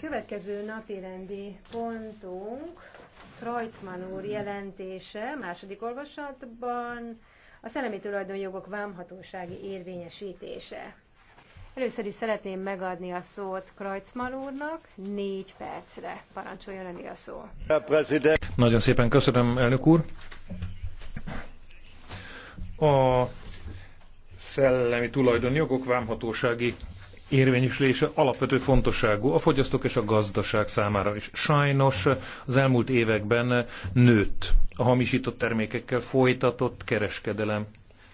Következő napi rendi pontunk Kreutzmann úr jelentése második olvasatban a szellemi tulajdonjogok vámhatósági érvényesítése. Először is szeretném megadni a szót Kreutzmann úrnak, négy percre. Parancsoljon öné a szó. Nagyon szépen köszönöm, elnök úr. A szellemi tulajdonjogok vámhatósági érvényesülése alapvető fontosságú a fogyasztók és a gazdaság számára is. Sajnos az elmúlt években nőtt a hamisított termékekkel folytatott kereskedelem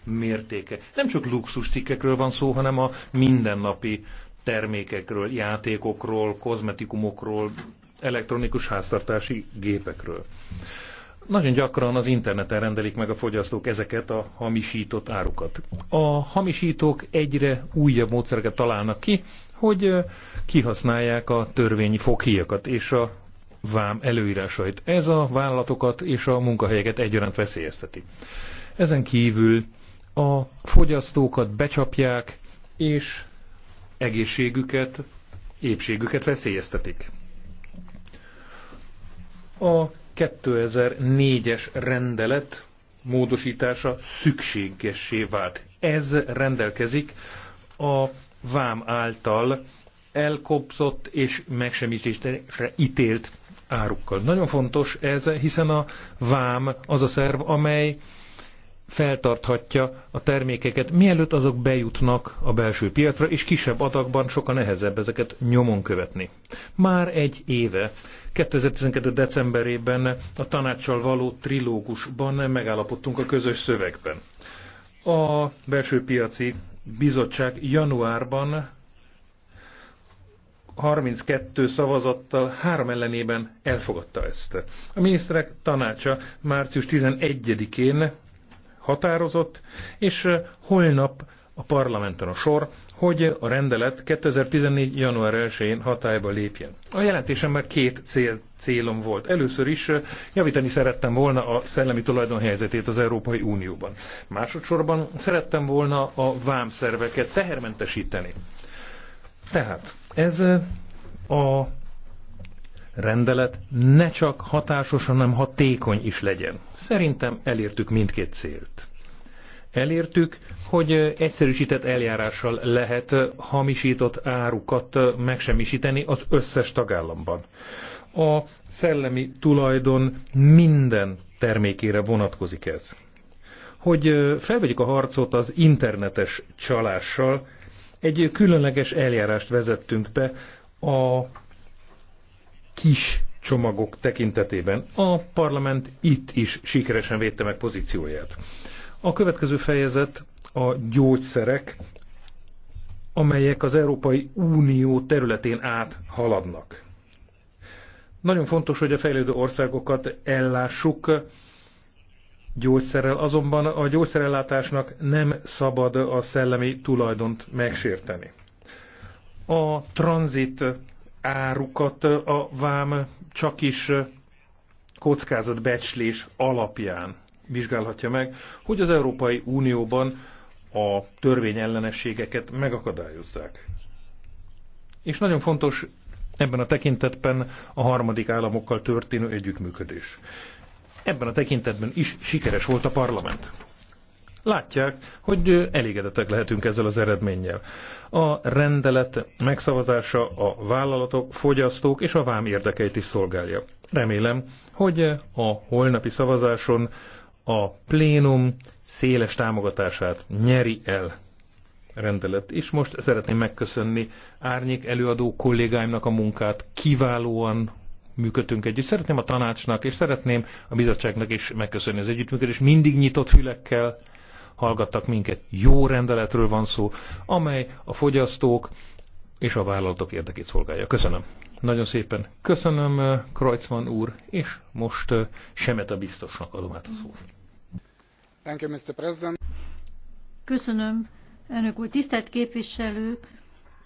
mértéke. Nem csak luxus cikkekről van szó, hanem a mindennapi termékekről, játékokról, kozmetikumokról, elektronikus háztartási gépekről. Nagyon gyakran az interneten rendelik meg a fogyasztók ezeket a hamisított árukat. A hamisítók egyre újabb módszereket találnak ki, hogy kihasználják a törvényi foghíjakat és a vám előírásait. Ez a vállalatokat és a munkahelyeket egyaránt veszélyezteti. Ezen kívül a fogyasztókat becsapják, és egészségüket, épségüket veszélyeztetik. A 2004-es rendelet módosítása szükségessé vált. Ez rendelkezik a vám által elkobzott és megsemmisítésre ítélt árukkal. Nagyon fontos ez, hiszen a vám az a szerv, amely feltarthatja a termékeket, mielőtt azok bejutnak a belső piacra, és kisebb adagban sokkal nehezebb ezeket nyomon követni. Már egy éve, 2012. decemberében a tanácssal való trilógusban megállapodtunk a közös szövegben. A belső piaci bizottság januárban 32 szavazattal három ellenében elfogadta ezt. A miniszterek tanácsa március 11-én határozott, és holnap a parlamenten a sor, hogy a rendelet 2014. január 1-én hatályba lépjen. A jelentésemben két cél, célom volt. Először is javítani szerettem volna a szellemi tulajdon helyzetét az Európai Unióban. Másodszorban szerettem volna a vámszerveket tehermentesíteni. Tehát ez a rendelet ne csak hatásos, hanem hatékony is legyen. Szerintem elértük mindkét célt. Elértük, hogy egyszerűsített eljárással lehet hamisított árukat megsemmisíteni az összes tagállamban. A szellemi tulajdon minden termékére vonatkozik ez. Hogy felvegyük a harcot az internetes csalással, egy különleges eljárást vezettünk be a kis csomagok tekintetében. A parlament itt is sikeresen védte meg pozícióját. A következő fejezet a gyógyszerek, amelyek az Európai Unió területén át haladnak. Nagyon fontos, hogy a fejlődő országokat ellássuk gyógyszerrel, azonban a gyógyszerellátásnak nem szabad a szellemi tulajdont megsérteni. A tranzit árukat a vám csak is kockázatbecslés alapján vizsgálhatja meg, hogy az Európai Unióban a törvényellenességeket megakadályozzák. És nagyon fontos ebben a tekintetben a harmadik államokkal történő együttműködés. Ebben a tekintetben is sikeres volt a parlament látják, hogy elégedetek lehetünk ezzel az eredménnyel. A rendelet megszavazása a vállalatok, fogyasztók és a vám érdekeit is szolgálja. Remélem, hogy a holnapi szavazáson a plénum széles támogatását nyeri el rendelet. És most szeretném megköszönni árnyék előadó kollégáimnak a munkát. Kiválóan működtünk együtt. Szeretném a tanácsnak, és szeretném a bizottságnak is megköszönni az együttműködést. Mindig nyitott fülekkel hallgattak minket. Jó rendeletről van szó, amely a fogyasztók és a vállalatok érdekét szolgálja. Köszönöm. Nagyon szépen köszönöm, eh, Kreutzmann úr, és most eh, Semet a biztosnak adom át a szót. Thank you, Mr. President. Köszönöm, elnök úr. Tisztelt képviselők,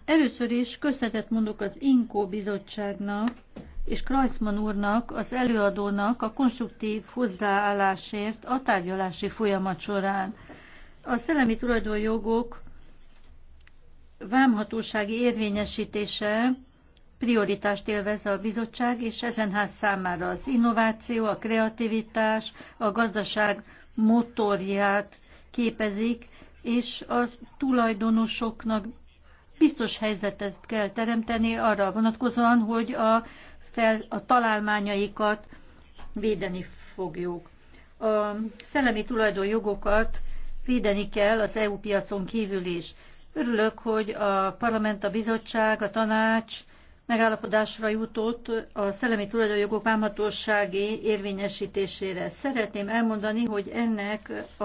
először is köszönetet mondok az INKO bizottságnak, és Kreuzmann úrnak, az előadónak a konstruktív hozzáállásért a tárgyalási folyamat során. A szellemi tulajdonjogok vámhatósági érvényesítése prioritást élvez a bizottság és ezen ház számára az innováció, a kreativitás, a gazdaság motorját képezik, és a tulajdonosoknak biztos helyzetet kell teremteni arra vonatkozóan, hogy a, fel, a találmányaikat védeni fogjuk. A szellemi tulajdonjogokat védeni kell az EU piacon kívül is. Örülök, hogy a parlament, a bizottság, a tanács megállapodásra jutott a szellemi tulajdonjogok vámhatósági érvényesítésére. Szeretném elmondani, hogy ennek a,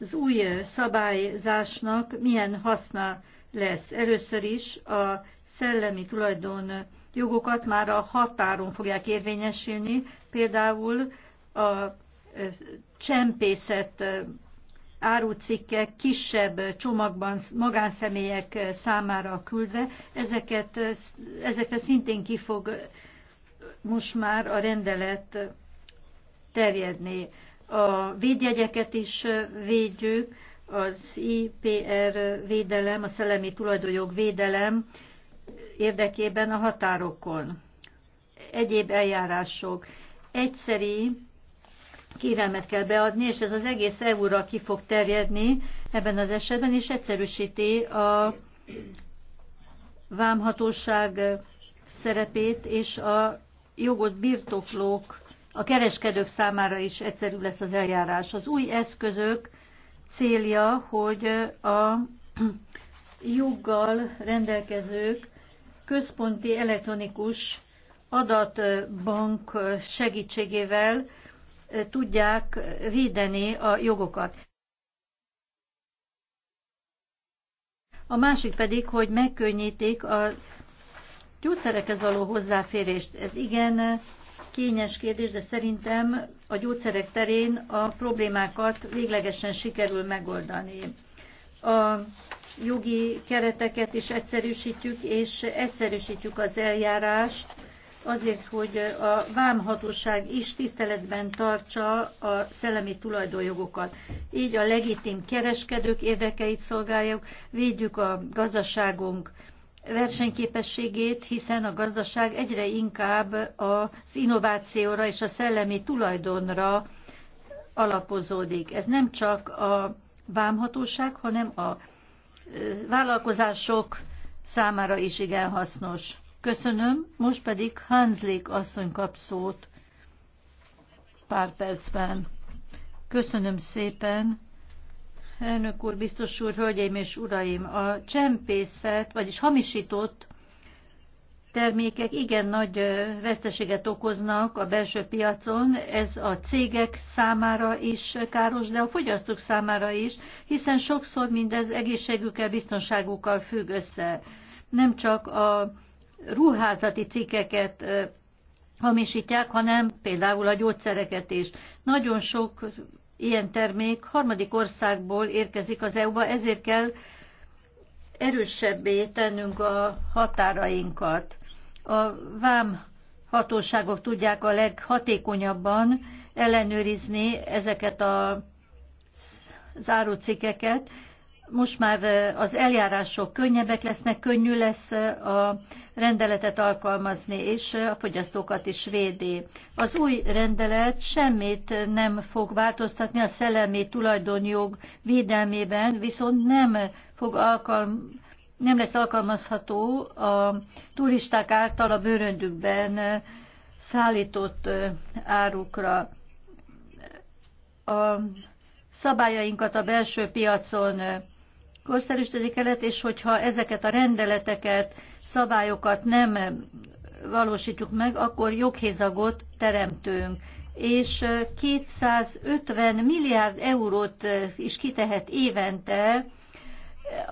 az új szabályzásnak milyen haszna lesz. Először is a szellemi tulajdon jogokat már a határon fogják érvényesülni, például a csempészet árucikkek kisebb csomagban magánszemélyek számára küldve, ezeket, ezekre szintén ki fog most már a rendelet terjedni. A védjegyeket is védjük, az IPR védelem, a szellemi tulajdonjog védelem érdekében a határokon. Egyéb eljárások. Egyszerű kérelmet kell beadni, és ez az egész EU-ra ki fog terjedni ebben az esetben, és egyszerűsíti a vámhatóság szerepét, és a jogot birtoklók, a kereskedők számára is egyszerű lesz az eljárás. Az új eszközök célja, hogy a joggal rendelkezők központi elektronikus adatbank segítségével tudják védeni a jogokat. A másik pedig, hogy megkönnyítik a gyógyszerekhez való hozzáférést. Ez igen kényes kérdés, de szerintem a gyógyszerek terén a problémákat véglegesen sikerül megoldani. A jogi kereteket is egyszerűsítjük, és egyszerűsítjük az eljárást azért, hogy a vámhatóság is tiszteletben tartsa a szellemi tulajdonjogokat. Így a legitim kereskedők érdekeit szolgáljuk, védjük a gazdaságunk versenyképességét, hiszen a gazdaság egyre inkább az innovációra és a szellemi tulajdonra alapozódik. Ez nem csak a vámhatóság, hanem a vállalkozások számára is igen hasznos. Köszönöm, most pedig Hanslik asszony kap szót pár percben. Köszönöm szépen. Elnök úr, biztos úr, hölgyeim és uraim, a csempészet, vagyis hamisított termékek igen nagy veszteséget okoznak a belső piacon, ez a cégek számára is káros, de a fogyasztók számára is, hiszen sokszor mindez egészségükkel, biztonságukkal függ össze. Nem csak a ruházati cikkeket hamisítják, hanem például a gyógyszereket is. Nagyon sok ilyen termék harmadik országból érkezik az EU-ba, ezért kell erősebbé tennünk a határainkat. A vám hatóságok tudják a leghatékonyabban ellenőrizni ezeket a zárócikeket, most már az eljárások könnyebbek lesznek, könnyű lesz a rendeletet alkalmazni, és a fogyasztókat is védi. Az új rendelet semmit nem fog változtatni a szellemi tulajdonjog védelmében, viszont nem fog alkalm nem lesz alkalmazható a turisták által a bőröndükben szállított árukra. A szabályainkat a belső piacon korszerűsödik elet, és hogyha ezeket a rendeleteket, szabályokat nem valósítjuk meg, akkor joghézagot teremtünk és 250 milliárd eurót is kitehet évente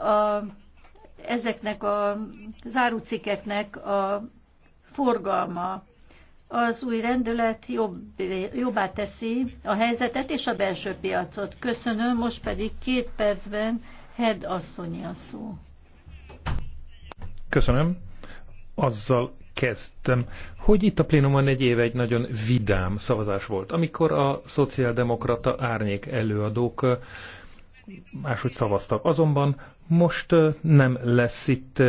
a, ezeknek a zárucikeknek a forgalma. Az új rendelet jobb, jobbá teszi a helyzetet és a belső piacot. Köszönöm, most pedig két percben Head asszonyi a szó. Köszönöm. Azzal kezdtem, hogy itt a plénumon egy éve egy nagyon vidám szavazás volt, amikor a szociáldemokrata árnyék előadók máshogy szavaztak. Azonban most nem lesz itt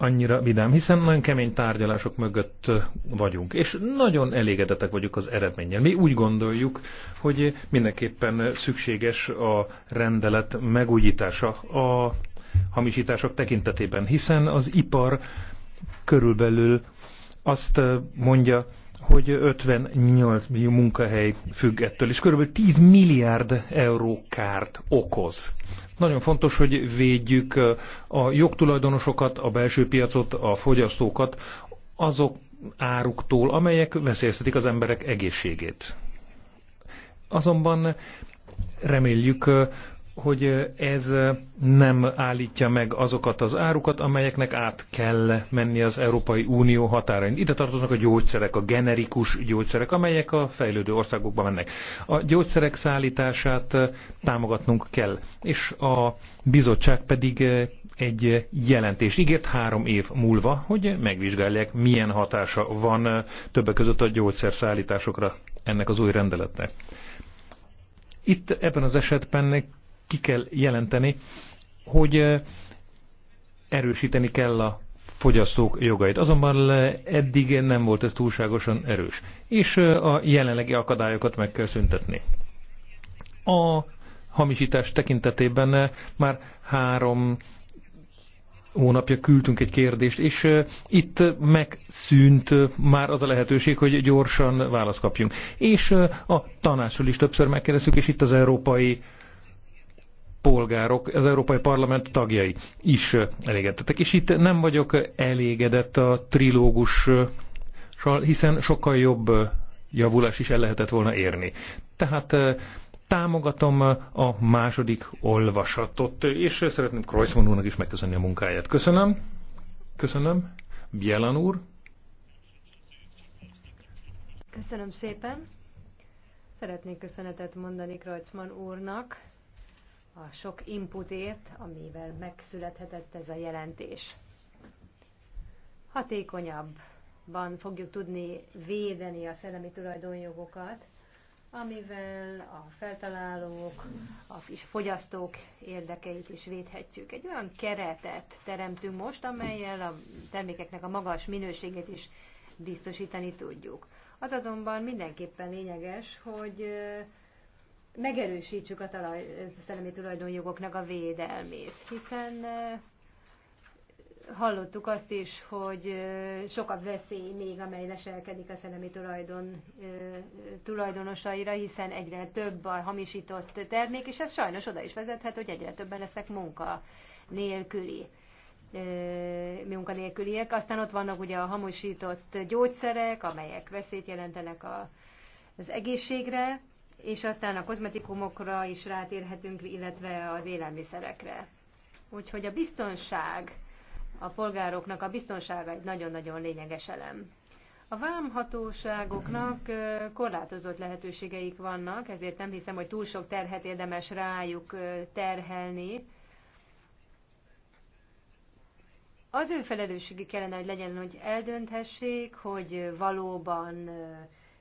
annyira vidám, hiszen nagyon kemény tárgyalások mögött vagyunk, és nagyon elégedettek vagyunk az eredménnyel. Mi úgy gondoljuk, hogy mindenképpen szükséges a rendelet megújítása a hamisítások tekintetében, hiszen az ipar körülbelül azt mondja, hogy 58 millió munkahely függ ettől, és kb. 10 milliárd euró kárt okoz. Nagyon fontos, hogy védjük a jogtulajdonosokat, a belső piacot, a fogyasztókat azok áruktól, amelyek veszélyeztetik az emberek egészségét. Azonban reméljük, hogy ez nem állítja meg azokat az árukat, amelyeknek át kell menni az Európai Unió határain. Ide tartoznak a gyógyszerek, a generikus gyógyszerek, amelyek a fejlődő országokba mennek. A gyógyszerek szállítását támogatnunk kell, és a bizottság pedig egy jelentés ígért három év múlva, hogy megvizsgálják, milyen hatása van többek között a gyógyszerszállításokra ennek az új rendeletnek. Itt ebben az esetben ki kell jelenteni, hogy erősíteni kell a fogyasztók jogait. Azonban eddig nem volt ez túlságosan erős. És a jelenlegi akadályokat meg kell szüntetni. A hamisítás tekintetében már három hónapja küldtünk egy kérdést, és itt megszűnt már az a lehetőség, hogy gyorsan választ kapjunk. És a tanácsról is többször megkérdeztük, és itt az európai polgárok, az Európai Parlament tagjai is elégedettek. És itt nem vagyok elégedett a trilógussal, hiszen sokkal jobb javulás is el lehetett volna érni. Tehát támogatom a második olvasatot, és szeretném Kreuzmann úrnak is megköszönni a munkáját. Köszönöm. Köszönöm. Bielan úr. Köszönöm szépen. Szeretnék köszönetet mondani Kreuzmann úrnak, a sok inputért, amivel megszülethetett ez a jelentés. Hatékonyabban fogjuk tudni védeni a szellemi tulajdonjogokat, amivel a feltalálók, a fogyasztók érdekeit is védhetjük. Egy olyan keretet teremtünk most, amelyel a termékeknek a magas minőségét is biztosítani tudjuk. Az azonban mindenképpen lényeges, hogy megerősítsük a talaj, szellemi tulajdonjogoknak a védelmét, hiszen hallottuk azt is, hogy sok a veszély még, amely leselkedik a szellemi tulajdon tulajdonosaira, hiszen egyre több a hamisított termék, és ez sajnos oda is vezethet, hogy egyre többen lesznek munka nélküli munkanélküliek. Aztán ott vannak ugye a hamisított gyógyszerek, amelyek veszélyt jelentenek a, az egészségre, és aztán a kozmetikumokra is rátérhetünk, illetve az élelmiszerekre. Úgyhogy a biztonság, a polgároknak a biztonsága egy nagyon-nagyon lényeges elem. A vámhatóságoknak korlátozott lehetőségeik vannak, ezért nem hiszem, hogy túl sok terhet érdemes rájuk terhelni. Az ő felelősségi kellene, hogy legyen, hogy eldönthessék, hogy valóban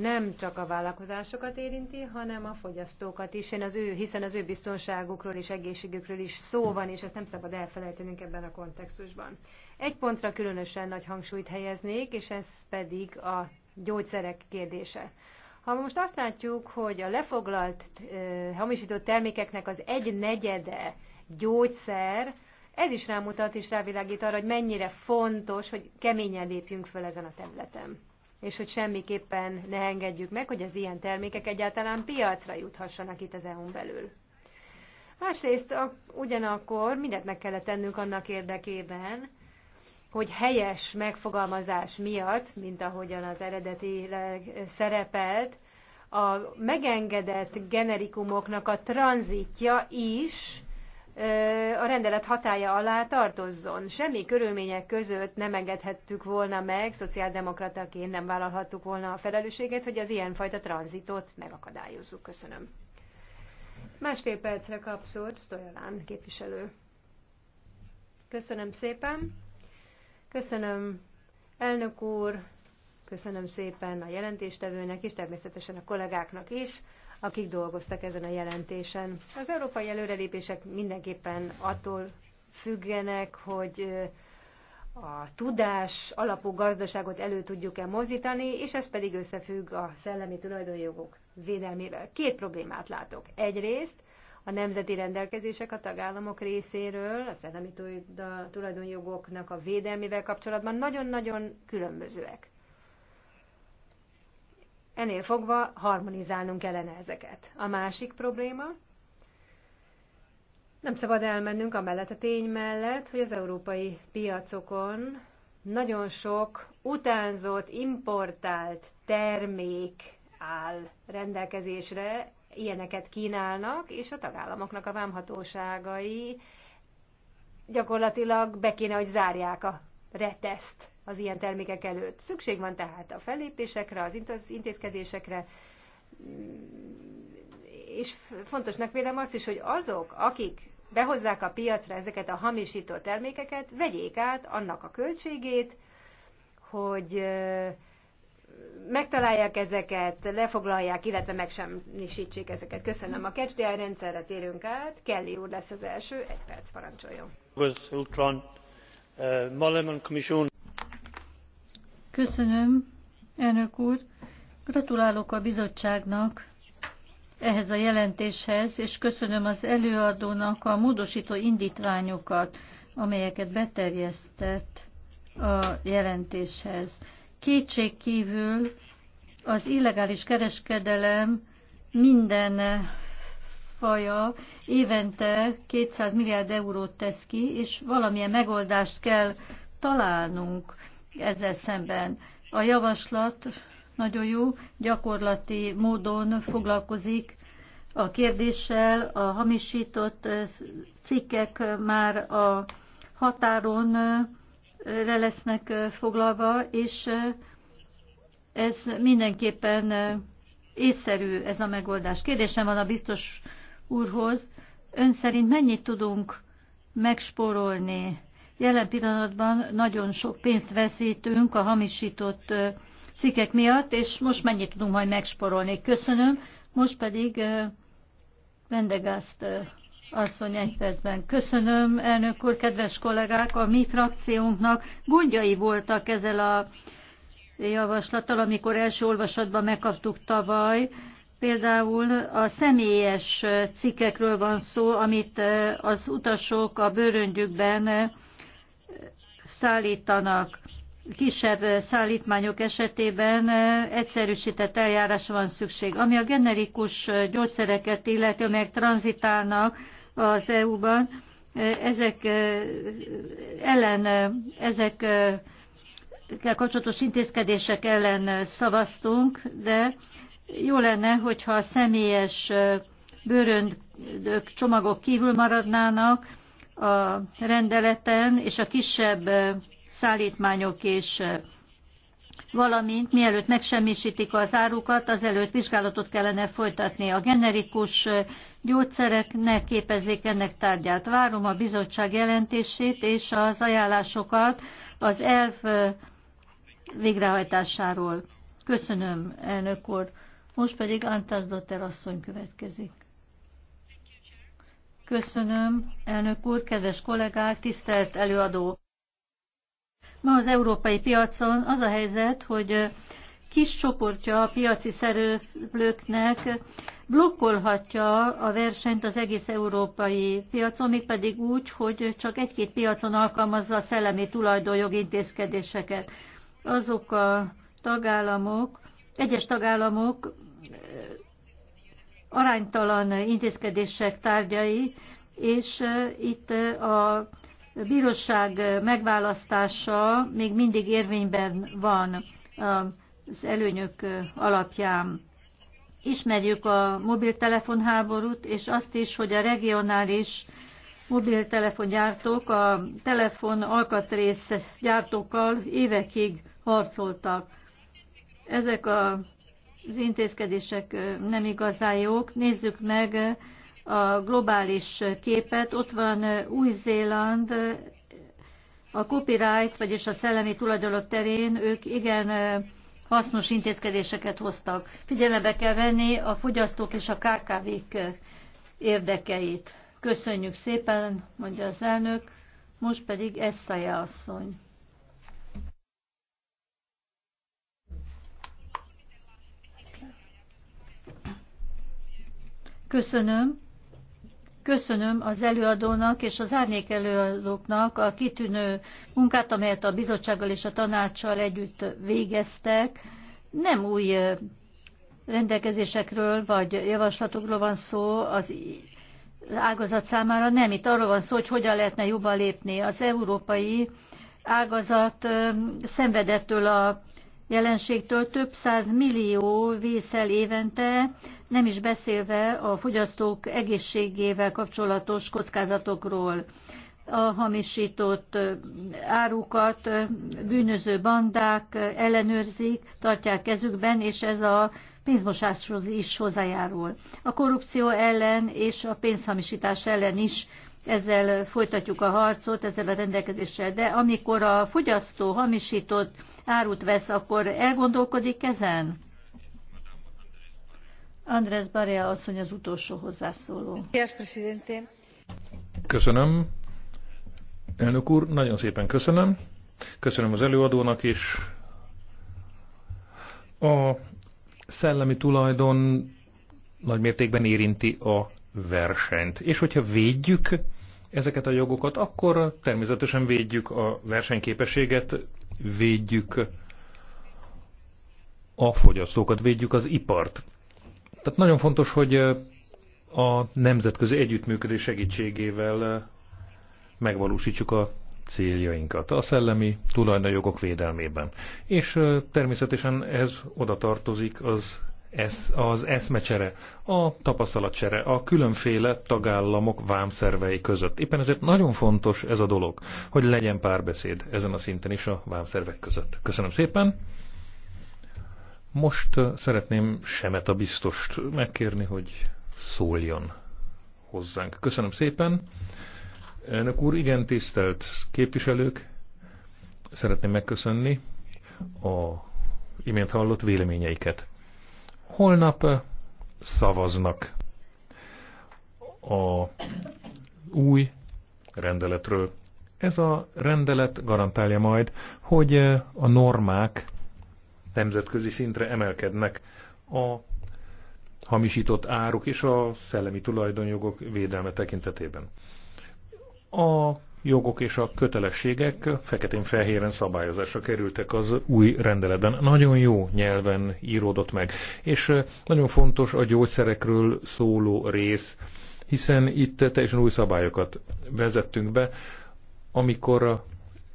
nem csak a vállalkozásokat érinti, hanem a fogyasztókat is, Én az ő, hiszen az ő biztonságukról és egészségükről is szó van, és ezt nem szabad elfelejtenünk ebben a kontextusban. Egy pontra különösen nagy hangsúlyt helyeznék, és ez pedig a gyógyszerek kérdése. Ha most azt látjuk, hogy a lefoglalt hamisított termékeknek az egy negyede gyógyszer, ez is rámutat és rávilágít arra, hogy mennyire fontos, hogy keményen lépjünk föl ezen a területen és hogy semmiképpen ne engedjük meg, hogy az ilyen termékek egyáltalán piacra juthassanak itt az EU-n belül. Másrészt a, ugyanakkor mindent meg kellett tennünk annak érdekében, hogy helyes megfogalmazás miatt, mint ahogyan az eredetileg szerepelt, a megengedett generikumoknak a tranzitja is a rendelet hatája alá tartozzon. Semmi körülmények között nem engedhettük volna meg, szociáldemokrataként nem vállalhattuk volna a felelősséget, hogy az ilyenfajta tranzitot megakadályozzuk. Köszönöm. Másfél percre kap szót Stojalán képviselő. Köszönöm szépen. Köszönöm elnök úr, köszönöm szépen a jelentéstevőnek és természetesen a kollégáknak is akik dolgoztak ezen a jelentésen. Az európai előrelépések mindenképpen attól függenek, hogy a tudás alapú gazdaságot elő tudjuk-e mozdítani, és ez pedig összefügg a szellemi tulajdonjogok védelmével. Két problémát látok. Egyrészt a nemzeti rendelkezések a tagállamok részéről, a szellemi tulajdonjogoknak a védelmével kapcsolatban nagyon-nagyon különbözőek. Ennél fogva harmonizálnunk kellene ezeket. A másik probléma, nem szabad elmennünk amellett a tény mellett, hogy az európai piacokon nagyon sok utánzott, importált termék áll rendelkezésre, ilyeneket kínálnak, és a tagállamoknak a vámhatóságai gyakorlatilag be kéne, hogy zárják a reteszt az ilyen termékek előtt. Szükség van tehát a fellépésekre, az intézkedésekre, mm, és fontosnak vélem azt is, hogy azok, akik behozzák a piacra ezeket a hamisított termékeket, vegyék át annak a költségét, hogy megtalálják ezeket, lefoglalják, illetve nisítsék ezeket. Köszönöm. A kecsdiáj rendszerre térünk át. Kelly úr lesz az első. Egy perc parancsoljon. Köszönöm, elnök úr. Gratulálok a bizottságnak ehhez a jelentéshez, és köszönöm az előadónak a módosító indítványokat, amelyeket beterjesztett a jelentéshez. Kétség kívül az illegális kereskedelem minden faja évente 200 milliárd eurót tesz ki, és valamilyen megoldást kell találnunk ezzel szemben. A javaslat nagyon jó, gyakorlati módon foglalkozik a kérdéssel, a hamisított cikkek már a határon le lesznek foglalva, és ez mindenképpen észszerű ez a megoldás. Kérdésem van a biztos úrhoz, ön szerint mennyit tudunk megspórolni? Jelen pillanatban nagyon sok pénzt veszítünk a hamisított cikkek miatt, és most mennyit tudunk majd megsporolni. Köszönöm. Most pedig Vendegászt asszony egy percben. Köszönöm, elnök úr, kedves kollégák, a mi frakciónknak gondjai voltak ezzel a javaslattal, amikor első olvasatban megkaptuk tavaly, Például a személyes cikkekről van szó, amit az utasok a bőröngyükben szállítanak. Kisebb szállítmányok esetében egyszerűsített eljárás van szükség. Ami a generikus gyógyszereket illeti, amelyek tranzitálnak az EU-ban, ezek ellen, ezek kapcsolatos intézkedések ellen szavaztunk, de jó lenne, hogyha a személyes bőröndök csomagok kívül maradnának a rendeleten, és a kisebb szállítmányok és valamint mielőtt megsemmisítik az árukat, azelőtt vizsgálatot kellene folytatni. A generikus gyógyszereknek képezzék ennek tárgyát. Várom a bizottság jelentését és az ajánlásokat az elv végrehajtásáról. Köszönöm, elnök úr. Most pedig Antas Dotter asszony következik. Köszönöm, elnök úr, kedves kollégák, tisztelt előadó. Ma az európai piacon az a helyzet, hogy kis csoportja a piaci szereplőknek blokkolhatja a versenyt az egész európai piacon, mégpedig úgy, hogy csak egy-két piacon alkalmazza a szellemi tulajdonjog intézkedéseket. Azok a tagállamok, egyes tagállamok aránytalan intézkedések tárgyai, és itt a bíróság megválasztása még mindig érvényben van az előnyök alapján. Ismerjük a mobiltelefonháborút, és azt is, hogy a regionális mobiltelefongyártók a telefon alkatrész gyártókkal évekig harcoltak. Ezek a az intézkedések nem igazán jók. Nézzük meg a globális képet. Ott van Új-Zéland, a copyright, vagyis a szellemi tulajdonok terén ők igen hasznos intézkedéseket hoztak. Figyelembe kell venni a fogyasztók és a KKV-k érdekeit. Köszönjük szépen, mondja az elnök, most pedig Esszaja asszony. Köszönöm. Köszönöm az előadónak és az árnyék előadóknak a kitűnő munkát, amelyet a bizottsággal és a tanácssal együtt végeztek. Nem új rendelkezésekről vagy javaslatokról van szó az ágazat számára, nem itt arról van szó, hogy hogyan lehetne jobban lépni. Az európai ágazat szenvedettől a jelenségtől több száz millió vészel évente, nem is beszélve a fogyasztók egészségével kapcsolatos kockázatokról. A hamisított árukat bűnöző bandák ellenőrzik, tartják kezükben, és ez a pénzmosáshoz is hozzájárul. A korrupció ellen és a pénzhamisítás ellen is ezzel folytatjuk a harcot, ezzel a rendelkezéssel, de amikor a fogyasztó hamisított árut vesz, akkor elgondolkodik ezen? Andrés Barea asszony az utolsó hozzászóló. Köszönöm. Elnök úr, nagyon szépen köszönöm. Köszönöm az előadónak is. A szellemi tulajdon nagy mértékben érinti a versenyt. És hogyha védjük ezeket a jogokat, akkor természetesen védjük a versenyképességet, védjük a fogyasztókat, védjük az ipart. Tehát nagyon fontos, hogy a nemzetközi együttműködés segítségével megvalósítsuk a céljainkat a szellemi tulajdonjogok védelmében. És természetesen ez oda tartozik az ez az eszmecsere, a tapasztalatcsere, a különféle tagállamok vámszervei között. Éppen ezért nagyon fontos ez a dolog, hogy legyen párbeszéd ezen a szinten is a vámszervek között. Köszönöm szépen! Most szeretném Semet a biztost megkérni, hogy szóljon hozzánk. Köszönöm szépen! Önök úr, igen, tisztelt képviselők, szeretném megköszönni a imént hallott véleményeiket. Holnap szavaznak a új rendeletről. Ez a rendelet garantálja majd, hogy a normák nemzetközi szintre emelkednek a hamisított áruk és a szellemi tulajdonjogok védelme tekintetében. A jogok és a kötelességek feketén-fehéren szabályozásra kerültek az új rendeletben. Nagyon jó nyelven íródott meg, és nagyon fontos a gyógyszerekről szóló rész, hiszen itt teljesen új szabályokat vezettünk be, amikor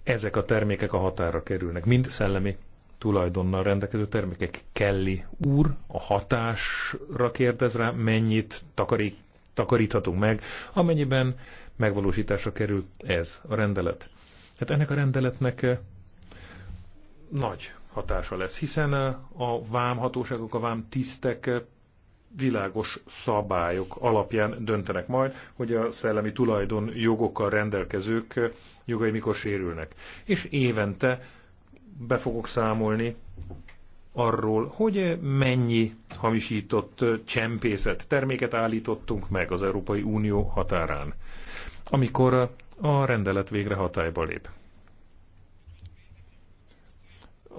ezek a termékek a határa kerülnek, mind szellemi tulajdonnal rendelkező termékek. Kelly úr a hatásra kérdez rá, mennyit takarik, takaríthatunk meg, amennyiben megvalósításra kerül ez a rendelet. Hát ennek a rendeletnek eh, nagy hatása lesz, hiszen eh, a vámhatóságok, a vám tisztek eh, világos szabályok alapján döntenek majd, hogy a szellemi tulajdon jogokkal rendelkezők jogai mikor sérülnek. És évente be fogok számolni arról, hogy mennyi hamisított csempészet terméket állítottunk meg az Európai Unió határán amikor a rendelet végre hatályba lép.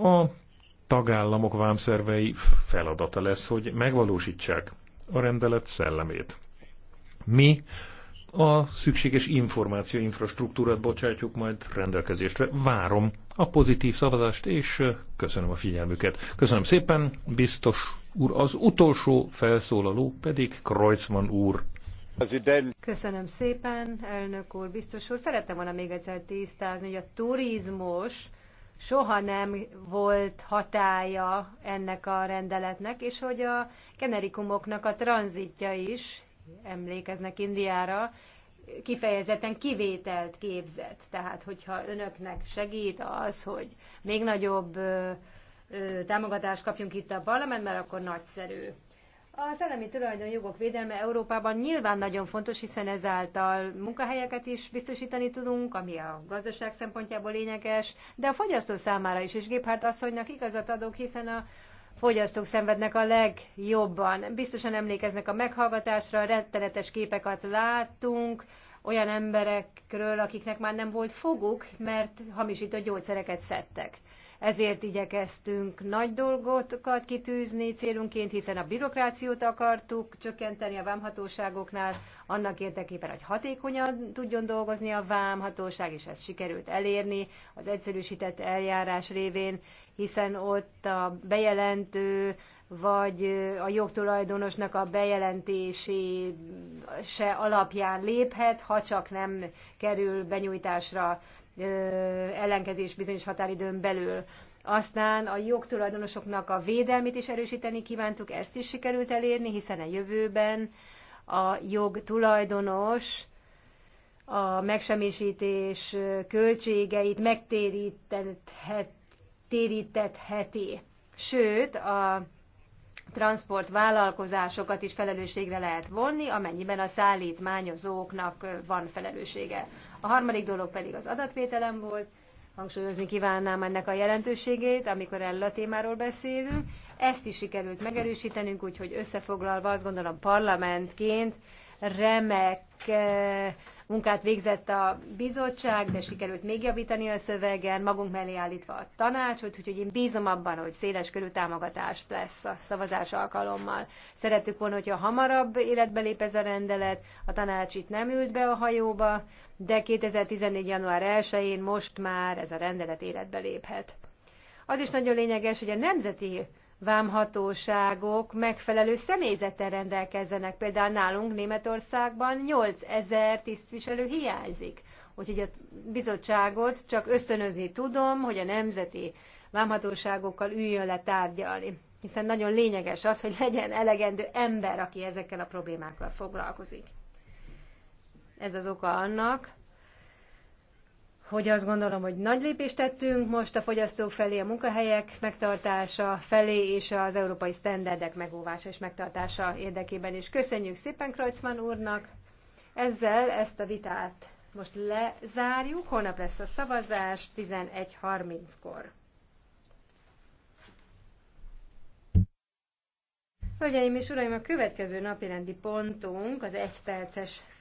A tagállamok vámszervei feladata lesz, hogy megvalósítsák a rendelet szellemét. Mi a szükséges információ infrastruktúrát bocsátjuk majd rendelkezésre. Várom a pozitív szavazást, és köszönöm a figyelmüket. Köszönöm szépen, biztos úr. Az utolsó felszólaló pedig Kreuzmann úr. Köszönöm szépen, elnök úr, biztos úr. Szerettem volna még egyszer tisztázni, hogy a turizmus soha nem volt hatája ennek a rendeletnek, és hogy a generikumoknak a tranzitja is, emlékeznek Indiára, kifejezetten kivételt képzett. Tehát, hogyha önöknek segít az, hogy még nagyobb ö, ö, támogatást kapjunk itt a parlamentben, akkor nagyszerű. A szellemi tulajdonjogok védelme Európában nyilván nagyon fontos, hiszen ezáltal munkahelyeket is biztosítani tudunk, ami a gazdaság szempontjából lényeges, de a fogyasztó számára is, és Géphárt asszonynak igazat adok, hiszen a fogyasztók szenvednek a legjobban. Biztosan emlékeznek a meghallgatásra, rettenetes képeket láttunk, olyan emberekről, akiknek már nem volt foguk, mert hamisított gyógyszereket szedtek ezért igyekeztünk nagy dolgokat kitűzni célunként, hiszen a bürokrációt akartuk csökkenteni a vámhatóságoknál, annak érdekében, hogy hatékonyan tudjon dolgozni a vámhatóság, és ezt sikerült elérni az egyszerűsített eljárás révén, hiszen ott a bejelentő vagy a jogtulajdonosnak a bejelentési se alapján léphet, ha csak nem kerül benyújtásra ellenkezés bizonyos határidőn belül. Aztán a jogtulajdonosoknak a védelmét is erősíteni kívántuk, ezt is sikerült elérni, hiszen a jövőben a jogtulajdonos a megsemmisítés költségeit megtérítetheti. Sőt, a transport vállalkozásokat is felelősségre lehet vonni, amennyiben a szállítmányozóknak van felelőssége. A harmadik dolog pedig az adatvételem volt, hangsúlyozni kívánnám ennek a jelentőségét, amikor erről a témáról beszélünk. Ezt is sikerült megerősítenünk, úgyhogy összefoglalva azt gondolom parlamentként remek eh, munkát végzett a bizottság, de sikerült még javítani a szövegen, magunk mellé állítva a tanácsot, úgyhogy én bízom abban, hogy széles körű támogatást lesz a szavazás alkalommal. Szerettük volna, hogyha hamarabb életbe lép ez a rendelet, a tanács itt nem ült be a hajóba, de 2014. január 1-én most már ez a rendelet életbe léphet. Az is nagyon lényeges, hogy a nemzeti vámhatóságok megfelelő személyzettel rendelkezzenek. Például nálunk Németországban 8000 tisztviselő hiányzik. Úgyhogy a bizottságot csak ösztönözni tudom, hogy a nemzeti vámhatóságokkal üljön le tárgyalni. Hiszen nagyon lényeges az, hogy legyen elegendő ember, aki ezekkel a problémákkal foglalkozik. Ez az oka annak, hogy azt gondolom, hogy nagy lépést tettünk most a fogyasztók felé, a munkahelyek megtartása felé és az európai sztenderdek megóvása és megtartása érdekében is. Köszönjük szépen Kreutzmann úrnak! Ezzel ezt a vitát most lezárjuk, holnap lesz a szavazás 11.30-kor. Hölgyeim és uraim, a következő napirendi pontunk az egyperces